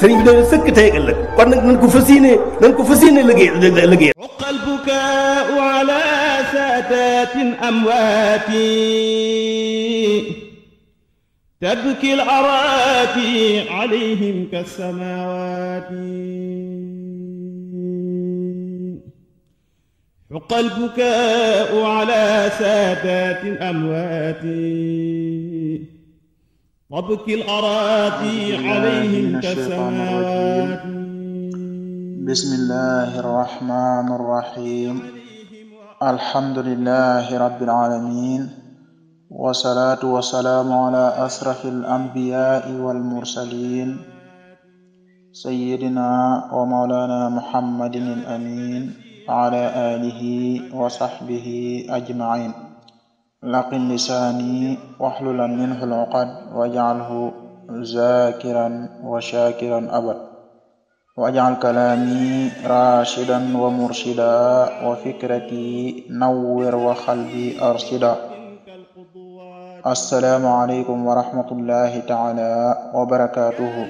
sëriñ bi doon sëkk tey ëllëg kon nag nañ ko fas yéene nañ ko fas yéene liggéey liggéey البكاء على سادات أمواتي تبكي الأراتي عليهم كالسماوات حق البكاء على سادات أمواتي وابكي الأراضي عليهم كالسماوات بسم الله الرحمن الرحيم الحمد لله رب العالمين والصلاة والسلام على أشرف الأنبياء والمرسلين سيدنا ومولانا محمد الأمين وعلى آله وصحبه أجمعين laqin lisaani waxlulan minhu luqad wajcalhu zakiran wa shakiran abad wajcal kalaami rashidan wa murshida wa fikrati nawwir wa qalbi arshida assalaamu aleykum wa rahmatullahi wa barakatuhu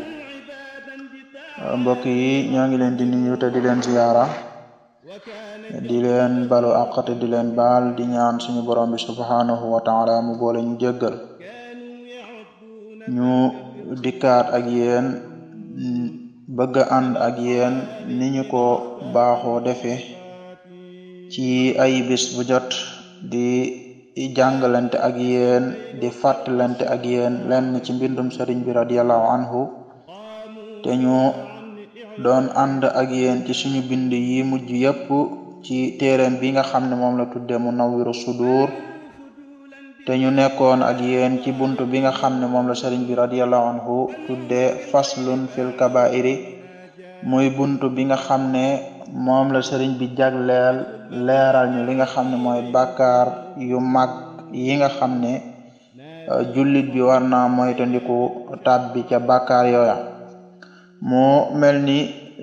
mbokk yi ñoo ngi leen di nuyu te di leen ziyaara di leen balu àqate di leen baal di ñaan suñu borom bi subhanahu wa taala mu boole ñu jéggal ñu dikkaat ak yéen bëgg ànd ak yéen ni ñu ko baaxoo defee ci ay bis bu jot di jàngalante ak yéen di fàttalante ak yéen lenn ci mbindum sëriñ bi radiallahu anhu te ñu doon ànd ak yéen ci suñu bind yi mujj yépp ci téereem bi nga xam ne moom la tudde Munawwirus Sudur te ñu nekkoon ak yéen ci buntu bi nga xam ne moom la sëriñ bi radiyallahu anhu tudde faslun fil kabairi muy buntu bi nga xam ne moom la sëriñ bi jagleel leeral ñu li nga xam ne mooy bàkkaar yu mag yi nga xam ne euh, jullit bi war naa moytandiku tàbbi ca bàkkaar yooya mu mel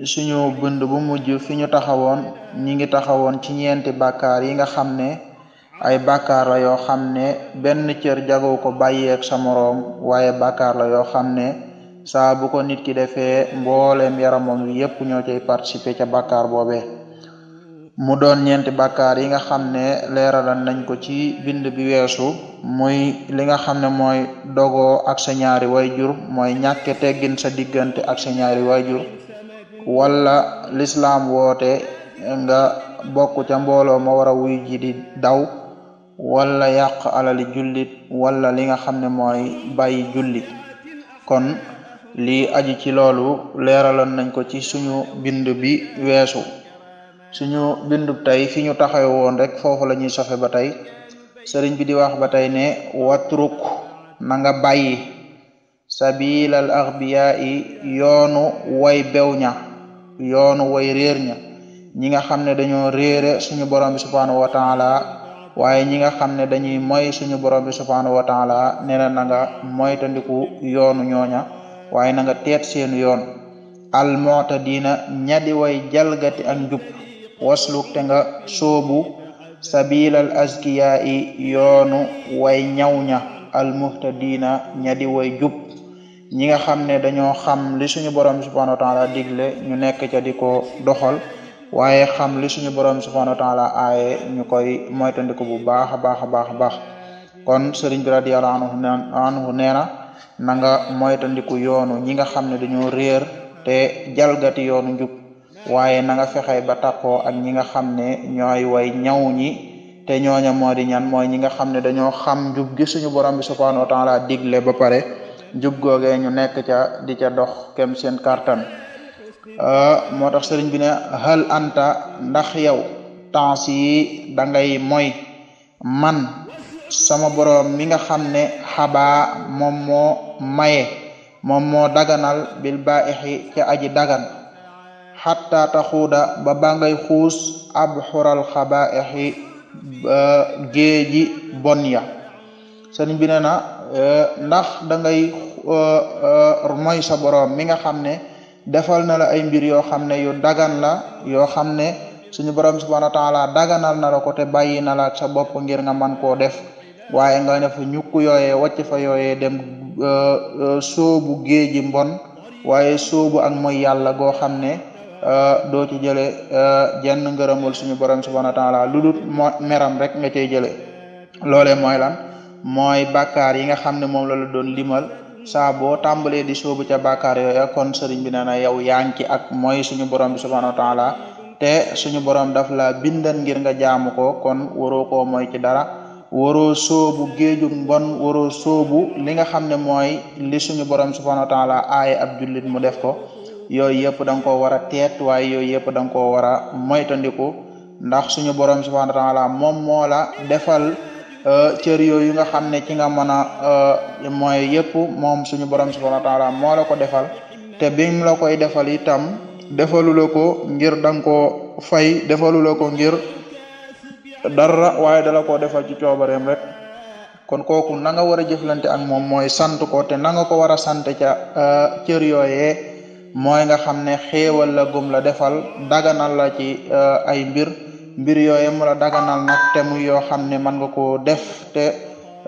suñu bind bu mujj fi ñu taxawoon ñi ngi taxawoon ci ñeenti bàkkaar yi nga xam ne ay bàkkaar la yoo xam ne benn cër jagoo ko bàyyeeg sa moroom waaye bàkkaar la yoo xam ne saa bu ko nit ki defee mboolem yaramam wi yépp ñoo cay participer ca bàkkaar boobee mu doon ñeenti bàkkaar yi nga xam ne leeralan nañ ko ci bind bi weesu muy li nga xam ne mooy dogo ak sa ñaari way jur mooy ñàkke teggin sa diggante ak sa ñaari way jur wala lislaam woote nga bokk ca mbooloo ma war wuy ji di daw wala yàq alali jullit wala li nga xam ne mooy bàyyi julli kon lii aju ci loolu leeraloon nañ ko ci suñu bindu bi weesu suñu bindu tey fi ñu taxawe woon rek foofu lañuy sofe ba tey sëriñ bi di wax ba tey ne watruk na nga bàyyi sabilal axbiyaa yi yoonu way bew ña yoonu way réer ña nga xam ne dañoo réere suñu borom bi subhaanahu wa taala waaye ñi nga xam ne dañuy moy suñu borom bi subhaanahu wa taala nee na na nga moytandiku yoonu ñooña waaye na teet seen yoon al mu'tadiina ñadi way jalgati ak njub wasluk te nga soobu sabilal azkiyaa i yoonu way ñaw ña al muhtadiina ñadi way jub ñi nga xam ne dañoo xam li suñu borom subhanahu wa taala digle ñu nekk ca di ko doxal waaye xam li suñu borom subhanahu wa taala aaye ñu koy moytandiku bu baax a baax a baax a baax kon sëriñ bi radiyallahu anhu anhu nee na na nga moytandiku yoonu ñi nga xam ne dañoo réer te jalgati yoonu njub waaye na nga fexe ba takkoo ak ñi nga xam ne ñooy way ñaw ñi te ñooña moo di ñan mooy ñi nga xam ne dañoo xam njub gi suñu borom bi subhanahu wa la digle ba pare jub googee ñu nekk ca di ca dox kem seen kartan euh, moo tax sëriñ bi ne hal anta ndax yow temps yi da ngay moy man sama boroom mi nga xam ne xaba moom moo maye moom moo daganal bil baixi ca aji dagan xatta taxuuda ba ba ngay xuus ab xural xabaaixi géeji bon ya sëriñ bi Eh, ndax da ngay eh, eh, moy sa borom mi nga xam ne defal na la ay mbir yoo xam ne yu dagan la yoo xam ne suñu borom subhanahu wa taala daganal na la ko te bàyyi na la sa bopp ngir nga man koo def waaye nga ne fa ñukk yooyee wàcc fa yooyee dem soobu géeji mbon waaye soobu ak mooy yàlla goo xam ne doo ci jële jenn ngërëmul suñu borom subhanahu wa taala lu dul meram rek nga cey jële loolee mooy mooy bàkkaar yi nga xam ne moom la la doon limal saa boo tàmbalee di soobu ca bàkkaar yooya kon sëriñ bi nee na yow yaa ci ak mooy suñu borom bi subhanahu wa taala te suñu borom daf la bindal ngir nga jaamu ko kon waroo koo mooy ci dara waroo sóobu géejug bon waroo sóobu li nga xam ne mooy li suñu borom subhanahu wa taala aaye ab jullit mu def ko yooyu yëpp da nga koo war a teet waaye yooyu yëpp da nga koo war a moytandiku ndax suñu borom subhanahu wa taala moom moo la Euh, cër yooyu nga xam ne ci nga mën a euh, mooy yëpp moom suñu borom subhanahu wa taala moo la ko defal te bim la koy defal itam defalu ko ngir danga ko fay defalu ko ngir dara waaye dala koo defal ci coobareem rek kon kooku na nga war a jëflante ak moom mooy sant ko te na nga ko war a sant ca euh, cër yooyee mooy nga xam ne xéewal la gum la defal daganal la ci ay mbir mbir yooye mu la daganal nag te muy yoo xam ne mën nga koo def te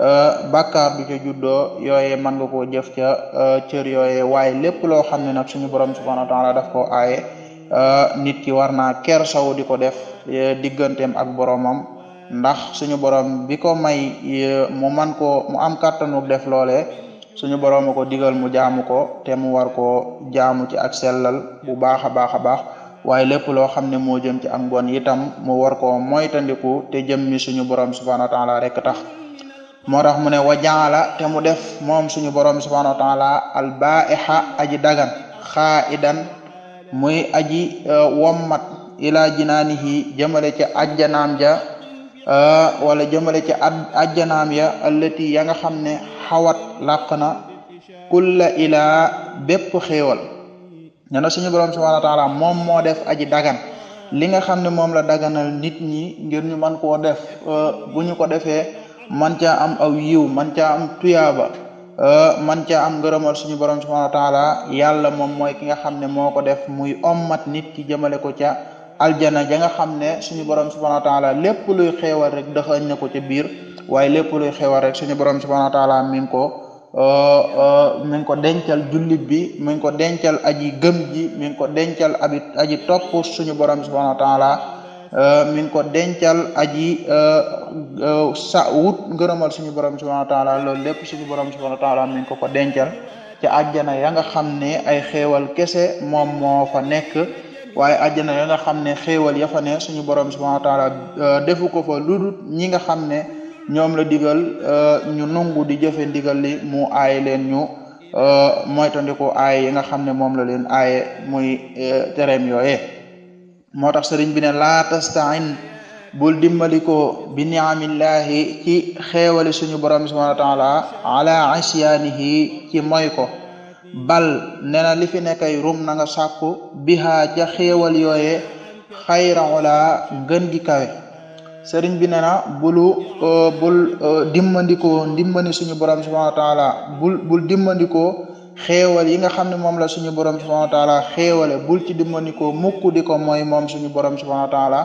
euh, bàkkaar du ca juddoo yooye mën nga koo jëf ca euh, cër yooye waaye lépp loo xam ne nag suñu borom subhanahu wa taala daf koo aaye euh, nit ki war naa kersaw di ko def digganteem ak boromam ndax suñu borom bi ko may mu man ko mu am kàttanu def loole suñu borom ko digal mu jaamu ko te mu war koo jaamu ci ak sellal bu baax a baax a baax waaye lépp loo xam ne moo jëm ci ak mbon itam mu war koo moytandiku te jëm suñu borom subhanahu wa taala rek tax moo tax mu ne wa jaala te mu def moom suñu borom subhanahu wa taala al baiha aji dagan xaidan muy aji uh, wommat ila jinaanihi jëmale ci ajjanaam ja uh, wala jëmale ci ajjanaam ya allati ya nga xam ne xawat làq na kulla ilaa bépp nee na suñu borom subhanahu wa taala moom moo def aji dagan li nga xam ne moom la daganal nit ñi ngir ñu man koo def bu ñu ko defee man caa am aw yiw man caa am tuyaaba man caa am ngërëmal suñu borom subhanahu wa taala yàlla moom mooy ki nga xam ne moo ko def muy om mat nit ki jëmale ko ca aljana ja nga xam ne suñu borom subhanahu wa taala lépp luy xeewal rek dëxañ na ko ca biir waaye lépp luy xeewal rek suñu borom subhanahu wa taala ko Euh, euh, mi ngi ko dencal jullit bi mi ngi ko dencal aji gëm ji mi ko dencal abi aji topp suñu borom subhanahu wa taala euh, mi ngi ko dencal aji sa wut ngërëmal suñu borom subhanahu wa taala loolu lépp suñu borom subhanahu wa taala mi ko ko dencal ca àjjana ya nga xam ne ay xéwal kese moom moo fa nekk waaye àjjana ya nga xam ne xéwal ya fa ne suñu borom subhanahu wa taala fa ludut ñi nga xam ne ñoom la digal euh, ñu nungu di jëfe ndigal mu aaye leen ñu euh, moytandiku aaye yi nga xam ne moom la leen aaye muy euh, tereem yooye moo tax sëriñ bi ne laa tastain bul dimbalikoo bi niamillahi ci xeewali suñu borom bi subhanahu wa taala ala asyaanihi ci moy ko bal ne na li fi nekkay rum na nga sàkku bihaa ca xeewal yooye xayra ola ngën gi kawe sëriñ bi nee na bulu euh, bul euh, dimbandikoo dimbandi suñu borom subhanahu wa taala bul bul dimbandikoo xéewal yi nga xam ne moom la suñu borom subhanahu wa taala xéewale bul ci dimbandikoo mukk di ko mooy moom suñu borom subhanahu wa taala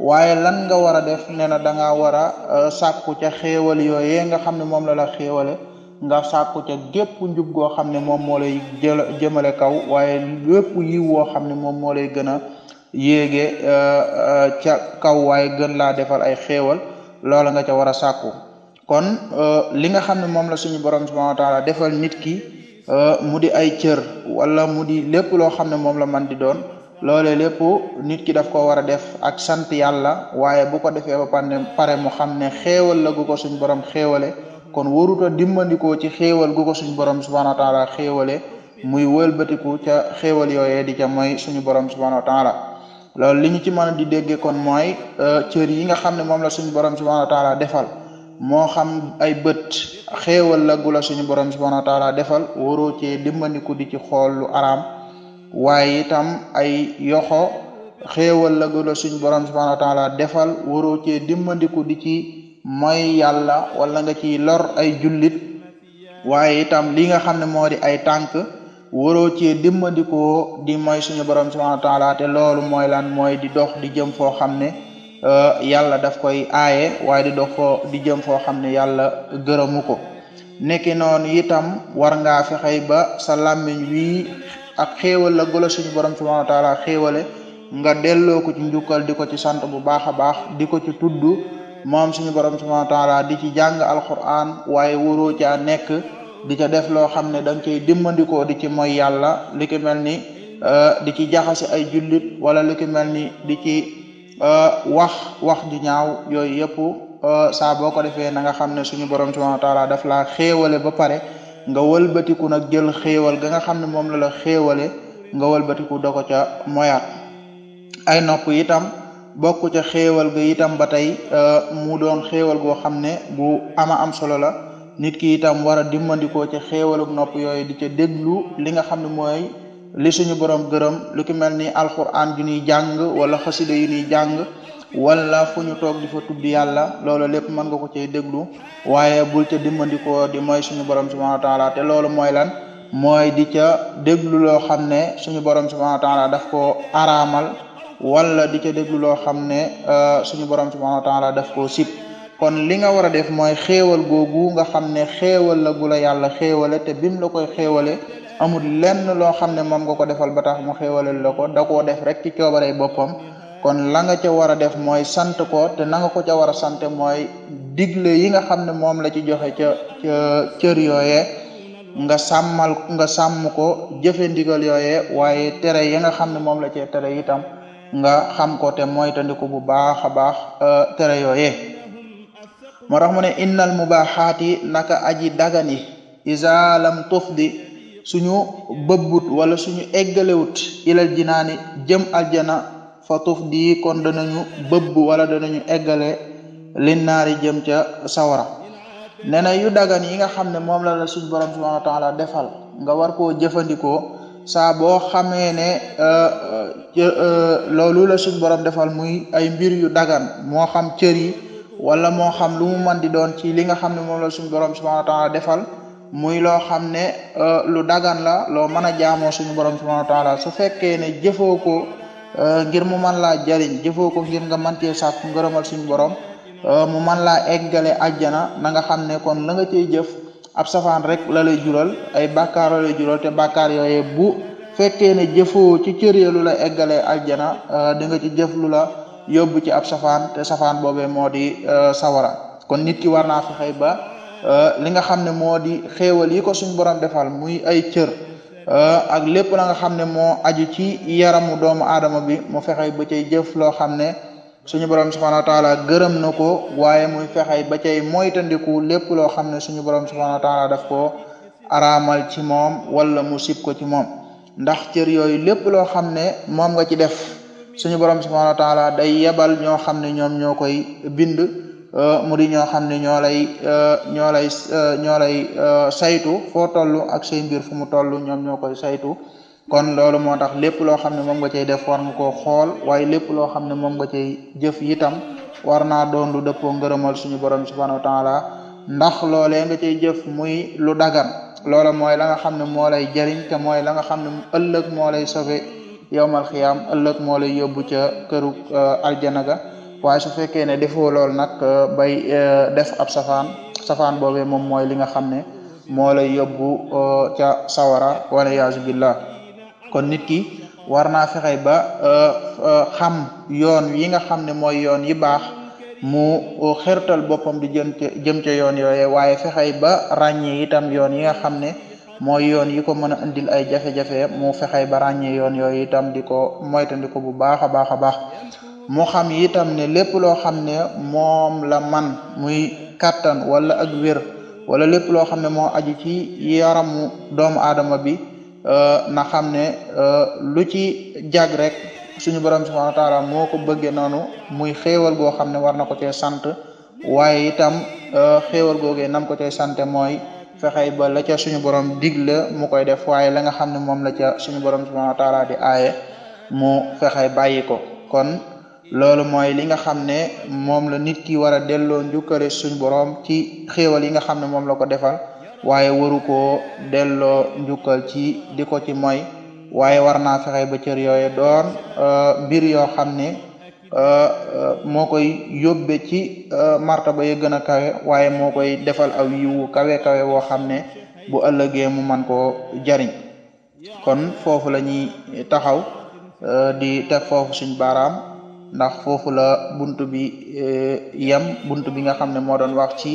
waaye lan nga war a def nee na da war a euh, sàkku ca xéewal yooyee nga xam ne moom la la xéewale nga sàkku ca gépp njub goo xam ne moom moo lay jëmale kaw waaye lépp yiw woo xam ne moom moo lay gën a yéege euh, euh, ca kaw waaye gën laa defal ay xéewal loola nga ca war a sàkku kon euh, li nga xam ne moom la suñu borom subhanahu wa defal nit ki mu di ay cër wala mu di lépp loo xam ne moom la man di doon loole lépp nit ki daf ko war a def ak sant yàlla waaye bu ko defee ba pare moo xam ne xéewal la gu ko suñu borom xéewale kon waruta dimbandikoo ci xéewal gu ko suñu borom subhanahu wa taala xéewale muy wëlbatiku ca xéewal yooyee di ca mooy suñu borom subhanahu wa taala loolu li ñu ci mën a di déggee kon mooy euh, cër yi nga xam ne moom la suñu borom subhanahu wa defal moo xam ay bët xéewal la gula la suñu borom subhanahu wa defal waroo cee dimbandiku di ci xool lu araam waaye itam ay yoxo xéewal la gu suñu borom subhanahu wa defal waroo cee dimbandiku di ci mooy yàlla wala nga ci lor ay jullit waaye itam li nga xam ne moo di ay tànk waroo cee dimmandikoo di mooy suñu borom subhanahu wa taala te loolu mooy lan mooy di dox di jëm foo xam ne euh, yàlla daf koy aaye waaye di dox foo di jëm foo xam ne yàlla gërëmu ko nekki noonu itam war ngaa fexey ba sa làmmiñ wii ak xéewal la golo suñu borom subhanahu wa taala xéewale nga delloo ko ci njukkal di ko ci sant bu baax a baax di ko ci tudd moom suñu borom subhanahu wa taala di ci jàng alquran waaye waroo caa nekk di ca def loo xam ne da nga cay dimbandikoo di ci mooy yàlla li mel ni euh, di ci jaxase ay jullit wala li ki ni di ci euh, wax wax ju ñaaw yooyu yëpp euh, saa boo ko defee na nga xam ne suñu borom subhanahu wa taala daf laa xéewale ba pare nga walbatiku nag jël xéewal ga nga xam ne moom la la xéewale nga walbatiku da ko ca moyaat ay nopp itam bokk ca xéewal ga itam ba tey mu doon xéewal goo xam ne bu ama am solo la nit ki itam war a dimbandikoo ci xéewaluk nopp yooyu di ca déglu li nga xam ne mooy li suñu borom gërëm lu ki mel ni alquran ju ni jàng wala xasida yu ñuy jàng wala fu ñu toog di fa tudd yàlla loolu lépp mën nga ko cay déglu waaye bul ca dimbandikoo di mooy suñu borom subhanahu wa taala te loolu mooy lan mooy di ca déglu loo xam ne suñu borom subhanahu wa taala daf ko araamal wala di ca déglu loo xam ne euh, suñu borom subhanahu wa taala daf koo sib kon li nga war a def mooy xéewal googu nga xam ne xéewal la gu la yàlla xéewale te bim la koy xéewale amul lenn loo xam ne moom nga ko defal ba tax mu xéewalal la ko da koo def rek ci coobarey boppam kon la nga ca war a def mooy sant ko te na ko ca war a sant mooy digle yi nga xam ne moom la ci joxe ca ca cër yooyee nga sàmmal nga sàmm ko jëfe ndigal yooyee waaye tere yi nga xam ne moom la cee tere itam nga xam ko te mooy tandiku bu baax a baax euh, tere yooyee moo tax mu ne innal mubahaati naka aji dagani isa lam tufdi suñu bëbbut wala suñu eggalewut ilal jinaani jëm aljana fa tufdi kon danañu bëbb wala danañu eggale linnaari jëm ca sawara nee na yu dagan yi nga xam ne moom la la suñ borom subhanahu wa defal nga war koo jëfandikoo saa boo xamee ne euh, euh, euh, loolu la suñ borom defal muy ay mbir yu dagan moo xam cër yi wala moo xam lu mu mën di doon ci li nga xam ne moom la suñu borom subhanahu wa taala defal muy loo xam ne euh, lu dagan la loo mën a jaamoo suñu borom subhanahu wa taala su fekkee ne jëfoo ko euh, ngir mu mën laa jariñ jëfoo ko ngir nga man cee sàkku ngërëmal suñu borom euh, mu man laa eggale àjjana na nga xam ne kon la nga cee jëf ab safaan rek la lay jural ay bàkkaar la lay jural te bàkkaar yooye bu fekkee ne jëfoo ci cër ya lu la eggalee àjjana di nga ci jëf lu la yóbbu ci ab safaan te safaan boobee moo di euh, sawara kon nit ki war naa fexe ba euh, li nga xam ne moo di xéewal yi ko suñ borom defal muy ay cër euh, ak lépp la nga xam ne moo aju ci yaramu doomu aadama bi mu fexe ba cay jëf loo xam ne suñu borom subhanahu wa taala gërëm na ko waaye muy fexe ba cay moytandiku lépp loo xam ne suñu borom subhanahu wa taala daf ko araamal ci moom wala mu sib ko ci moom ndax cër yooyu lépp loo xam ne moom nga ci def. suñu borom subhanahu wa taala day yebal ñoo xam ne ñoom ñoo koy bind euh, mu di ñoo xam ne ñoo lay euh, ñoo lay euh, ñoo lay saytu foo toll ak say mbir fu mu toll ñoom ñoo koy saytu kon loolu moo tax lépp loo xam ne moom nga cay def war nga koo xool waaye lépp loo xam ne moom nga cay jëf yitam war naa doon lu dëppoo ngërëmal suñu borom subhanahu wa taala ndax loolee nga cay jëf muy lu dagan loola mooy la nga xam ne moo lay jariñ te mooy la nga xam ne ëllëg moo lay sauver yowmal xiyaam ëllëg moo lay yóbbu ca këru euh, aljana ga waaye su fekkee ne defo lool nag euh, bay euh, def ab safaan safaan boobee moom mooy li nga xam ne moo lay yóbbu ca sawara wala yaasu billah kon nit ki war naa fexe ba xam yoon yi nga xam ne mooy yoon yi baax mu xertal boppam di jëm ca jëm ca yoon yooye waaye fexe ba ràññee itam yoon yi nga xam ne mooy yoon yi ko mën a indil ay jafe-jafe mu fexey ba ràññee yoon yooyu itam di ko moytandiko bu baax a baax a baax mu xam itam ne lépp loo xam ne moom la man muy kàttan wala ak wér wala lépp loo xam ne moo aju ci yaramu doomu aadama bi euh, na xam ne euh, lu ci jag rek suñu borom subhanahu wa taala moo ko bëggee noonu muy xéewal goo xam ne war na ko cee sant waaye itam euh, xéewal googee nam ko cee sante mooy fexey ba la ca suñu borom dig la mu koy def waaye la nga xam ne moom la ca suñu borom subhanahu wa taala di aaye mu fexey bàyyi ko kon loolu mooy li nga xam ne moom la nit ki war a delloo njukkale suñ borom ci xéewal yi nga xam ne moom la ko defal waaye waru koo delloo njukkal ci di ko ci mooy waaye war naa fexe ba cër yooyu doon euh, mbir yoo xam ne Euh, euh, moo koy yóbbe ci euh, martaba ba gën a kawe waaye moo koy defal aw yiwu kawe kawe woo xam ne bu ëllëgee mu man koo jariñ kon foofu la ñuy taxaw di teg foofu suñ baaraam ndax foofu la bunt bi yem bunt bi nga xam ne moo doon wax ci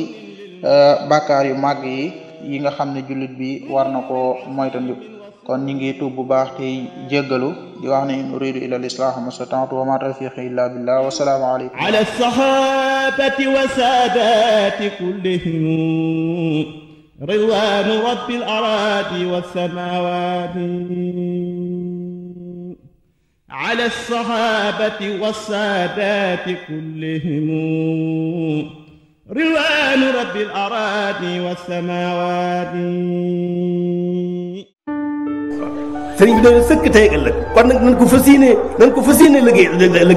bàkkaar yu màgg yi yi nga xam ne jullit bi war na koo moytandiku kon ñi ngi tuub bu baax tey jéggalu di wax ne in uridu illa al-islaah ma stata'tu wa ma tawfiqi illa billah wa salaamu alaykum ala as-sahabati wa saadati kullihim ridwanu rabbil aradi was samawati ala as-sahabati wa saadati kullihim ridwanu rabbil aradi was samawati sëriñ bi dañu sëkk tey ëllëg kon nag ko fas yéene nañ ko fas yéene liggéey liggéey